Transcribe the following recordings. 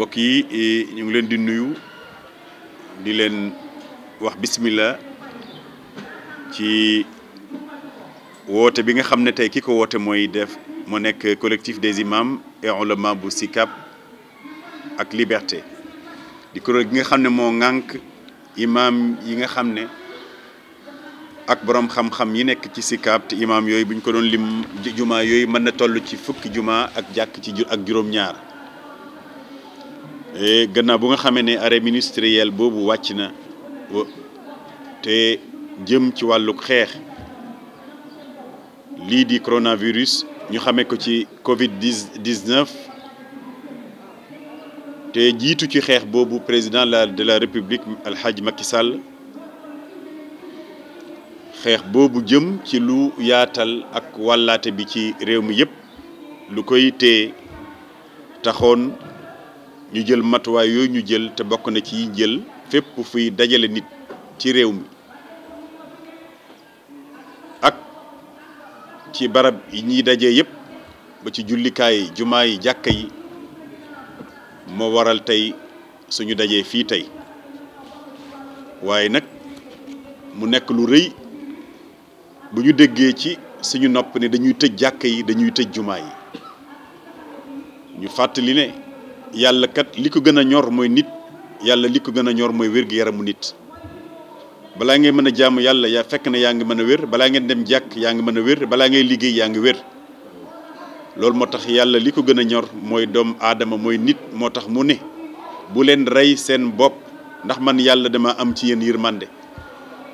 mbokk yi e, ñu ngi leen di nuyu di leen wax bismillah ci bi nga ne tey ki ko woote mooy def mu nekk collectif des imams et ulama bu SICAP ak liberté di kuréel nga ne moo imam yi nga xam ne ak borom xam-xam yi nekk ci SICAP imam yooyu bu ko lim juma yooyu mën na toll ci fukki jumaa ak jàkk ci ak juróom-ñaar Je eh, bu nga xamé né arrêt ministériel bobu na jëm ci le di coronavirus ñu xamé ko ci Covid 19 té jitu président de la république al Macky Sall bobu jëm ci lu yaatal ak bi ci réew mi ñu jël matuwaay yooyu ñu jël te bokk na ci yi jël fépp fuy dajale nit ci réew mi ak ci barab yi ñuy dajee yépp ba ci jullikaay yi jumaa yi jàkka yi moo waral tey suñu dajee fii tey waaye nag mu nekk lu rëy bu ñu déggee ci suñu nopp ne dañuy tëj jàkka yi dañuy tëj jumaa yi ñu fàttali ne yàlla kat li ko gën a ñor mooy nit yàlla li ko gën a ñor mooy wér-gu-yaramu nit balaa ngay mën a jaamu yàlla yaa fekk na yaa ngi mën a wér balaa ngeen dem jàkk yaa ngi mën a wér balaa ngay liggéey yaa ngi wér loolu moo tax yàlla li ko gën a ñor mooy doom aadama mooy nit moo tax mu ne bu leen rey seen bopp ndax man yàlla dama am ci yéen yërmande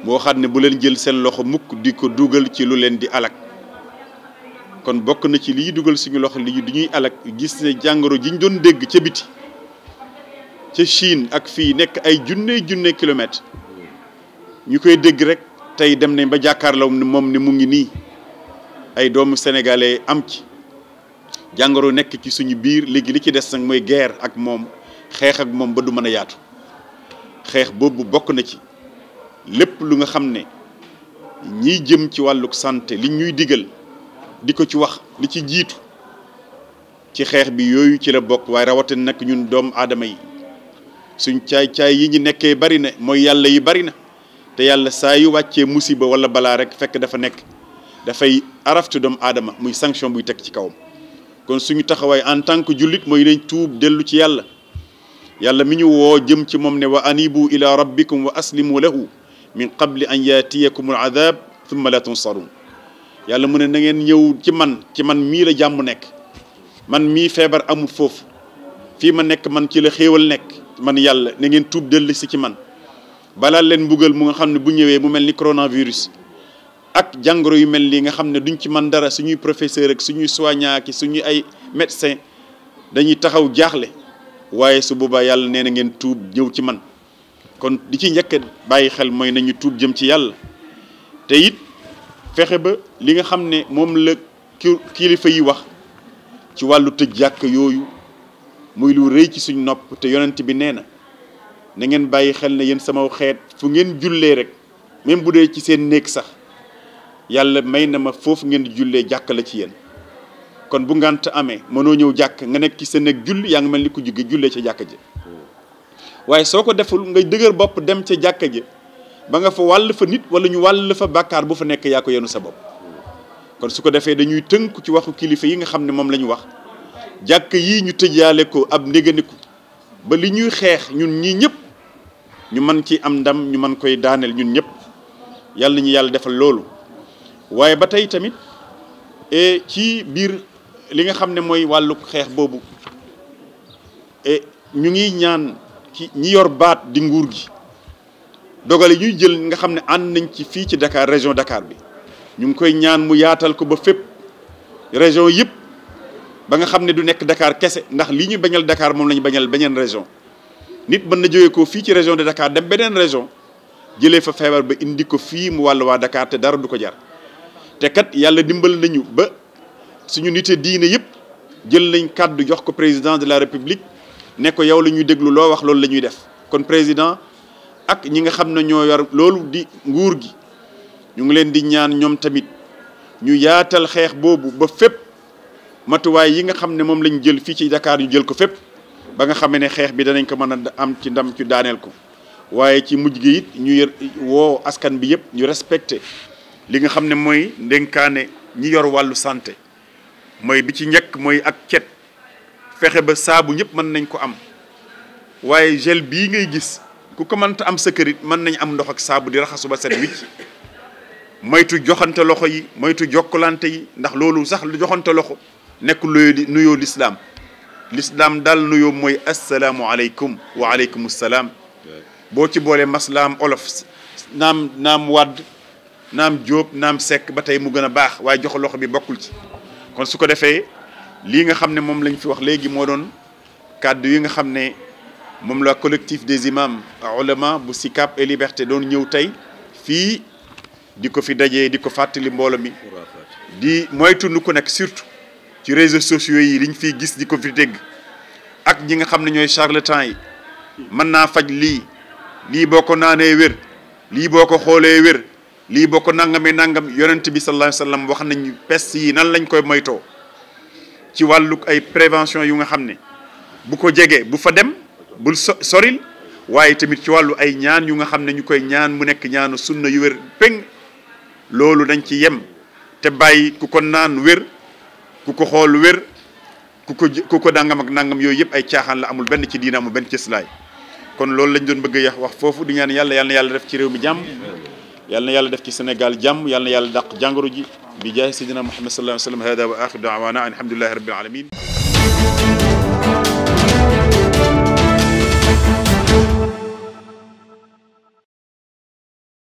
moo xam ne bu leen jël seen loxo mukk di ko dugal ci lu leen di alak kon bokk na ci liy dugal suñu loxo li di ñuy alak gis ne jàngoro ji ñu doon dégg ca biti ca Chine ak fi nekk ay junne junne kilomètre ñu koy dégg rek tey dem nañ ba jàkkaarloo moom ni mu ngi nii ay doomu sénégalais am ci jàngoro nekk ci suñu biir léegi li ci des nag mooy guerre ak moom xeex ak moom ba du mën a yaatu xeex boobu bokk na ci lépp lu nga xam ne ñi jëm ci wàlluk santé li ñuy digal diko ci wax li ci jitu ci xex bi yoyu ci la bok way rawati nak ñun doom adamay sun cay cay yi ñi nekké bari na moy yàlla yi bari na te yàlla saa yu wacce musiba wala bala rek fekk dafa nek da fay araftu doom adama muy sanction buy tek ci kawam kon suñu taxaway en tant que julit moy nañ tuub delu ci yàlla yàlla mi ñu wo jëm ci mom ne wa anibu ila rabbikum wa aslimu lahu min qabli an yatiyakum al thumma la tunsarun yalla mu ne na ngeen ñew ci man ci man mi la jamm nek man mi febar amul fi ma nek man ci la xewal nek man yalla na ngeen tuub del si ci man balaa len mbugal mu nga xamne bu ñewé mu melni coronavirus ak jangoro yu melni nga xamne duñ ci man dara suñuy professeur ak suñuy soignant ki suñuy ay médecin dañuy taxaw jaxlé waye su boobaa yalla neena ngeen tuub ñew ci man kon di ci njëkk bayyi xel moy nañu tuub jëm ci yalla te yit fexe ba li nga xam ne moom la kilifa yi wax ci wàllu tëj jàkk yooyu muy lu rëy ci suñ nopp te yonent bi nee na na ngeen bàyyi xel ne yéen sama xeet fu ngeen jullee rek même bu dee ci seen néeg sax yàlla may na ma foofu ngeen jullee jàkk la ci yéen kon bu ngant amee mënoo ñëw jàkk nga nekk ci sa néeg julli yaa ngi mel ni ku jóge jullee ca jàkk ji hmm. waaye soo ko deful nga dëgër bopp dem ca jàkk ji ba nga fa wàll fa nit wala ñu wàll fa bàkkaar bu fa nekk yaa ko yenu sa bopp kon su ko defee dañuy tënk ci waxu kilifa yi nga xam ne moom la ñu wax jàkk yii ñu tëjaale ko ab ndéganiku ba li ñuy xeex ñun ñii ñëpp ñu mën ci am ndam ñu mën koy daaneel ñun ñëpp yàlla ñu yàlla defal loolu waaye ba tey tamit e ci biir li nga xam ne mooy wàllu xeex boobu e ñu ngi ñaan ci ñi yor baat di nguur gi dogale ñuy jël nga xam ne ànd nañ ci fii ci Dakar région Dakar bi ñu ngi koy ñaan mu yaatal ko ba fépp région yëpp ba nga xam ne du nekk Dakar kese ndax li ñu bañal Dakar moom la ñu bañal beneen région nit mën na jógee ko fii ci région de Dakar dem beneen région jëlee fa feebar ba indi ko fii mu wàll waa Dakar te dara du ko jar te kat yàlla dimbal nañu ba suñu nite diine yëpp jël nañ kàddu jox ko président de la république ne ko yow la ñuy déglu loo wax loolu la ñuy def kon président ak ñi nga xam ne ñoo yor loolu di nguur gi ñu ngi leen di ñaan ñoom tamit ñu yaatal xeex boobu ba fépp matuwaay yi nga xam ne moom lañ jël fii ci Dakar ñu jël ko fépp ba nga xamee ne xeex bi danañ ko mën a am ci ndam ci daaneel ko waaye ci mujj gi it ñu woo askan bi yëpp ñu respecté li nga xam ne mooy ndénkaane ñi yor wàllu santé mooy bi ci njëkk mooy ak cet fexe ba saabu ñëpp mën nañ ko am waaye gel bii ngay gis ku ko mënta am sa kër it mën nañ am ndox ak saabu di raxasu ba set wicc moytu joxante loxo yi moytu jokkalante yi ndax loolu sax lu joxante loxo nekk luy nuyoo lislaam lislaam daal nuyoo mooy assalaamu aleykum wa aleykum salaam boo ci boolee maslaam olof naam naam wàdd naam jóob naam sekk ba tey mu gën a baax waaye jox loxo bi bokkul ci kon su ko defee lii nga xam ne moom lañ fi wax léegi moo doon kàddu yi nga xam ne mom la collectif des imams ulama bu Sicap et Liberté les tay fi fi dajé les fatali les di moytu nu les nek surtout ci réseaux sociaux yi liñ fi gis les fi dégg ak ñi nga xam ñoy charlatan yi man na faj li li boko ko wër li boko xolé wër li boko nangam bi alayhi wasallam wax nañu yi nan lañ koy ci ay prévention yu nga bu ko dem bul so soril waaye tamit ci wàllu ay ñaan yu nga xam ne ñu koy ñaan mu nekk ñaanu sunna yu wér péng loolu dañ ci yem te bàyyi ku ko naan wér ku ko xool wér ku ko ku ko nangam ak nangam yooyu yëpp ay caaxaan la amul benn ci diina amul benn cëslaay kon loolu lañ doon bëgg a wax foofu di ñaan yàlla yàlla na yàlla def ci réew mi jàmm yàlla na yàlla def ci Sénégal jàmm yàlla na yàlla dàq jàngoro ji bi jaay sayyidina Muhammad sallallahu alayhi wa sallam hada wa axiru daawaana alhamdulillahi rabbil alamin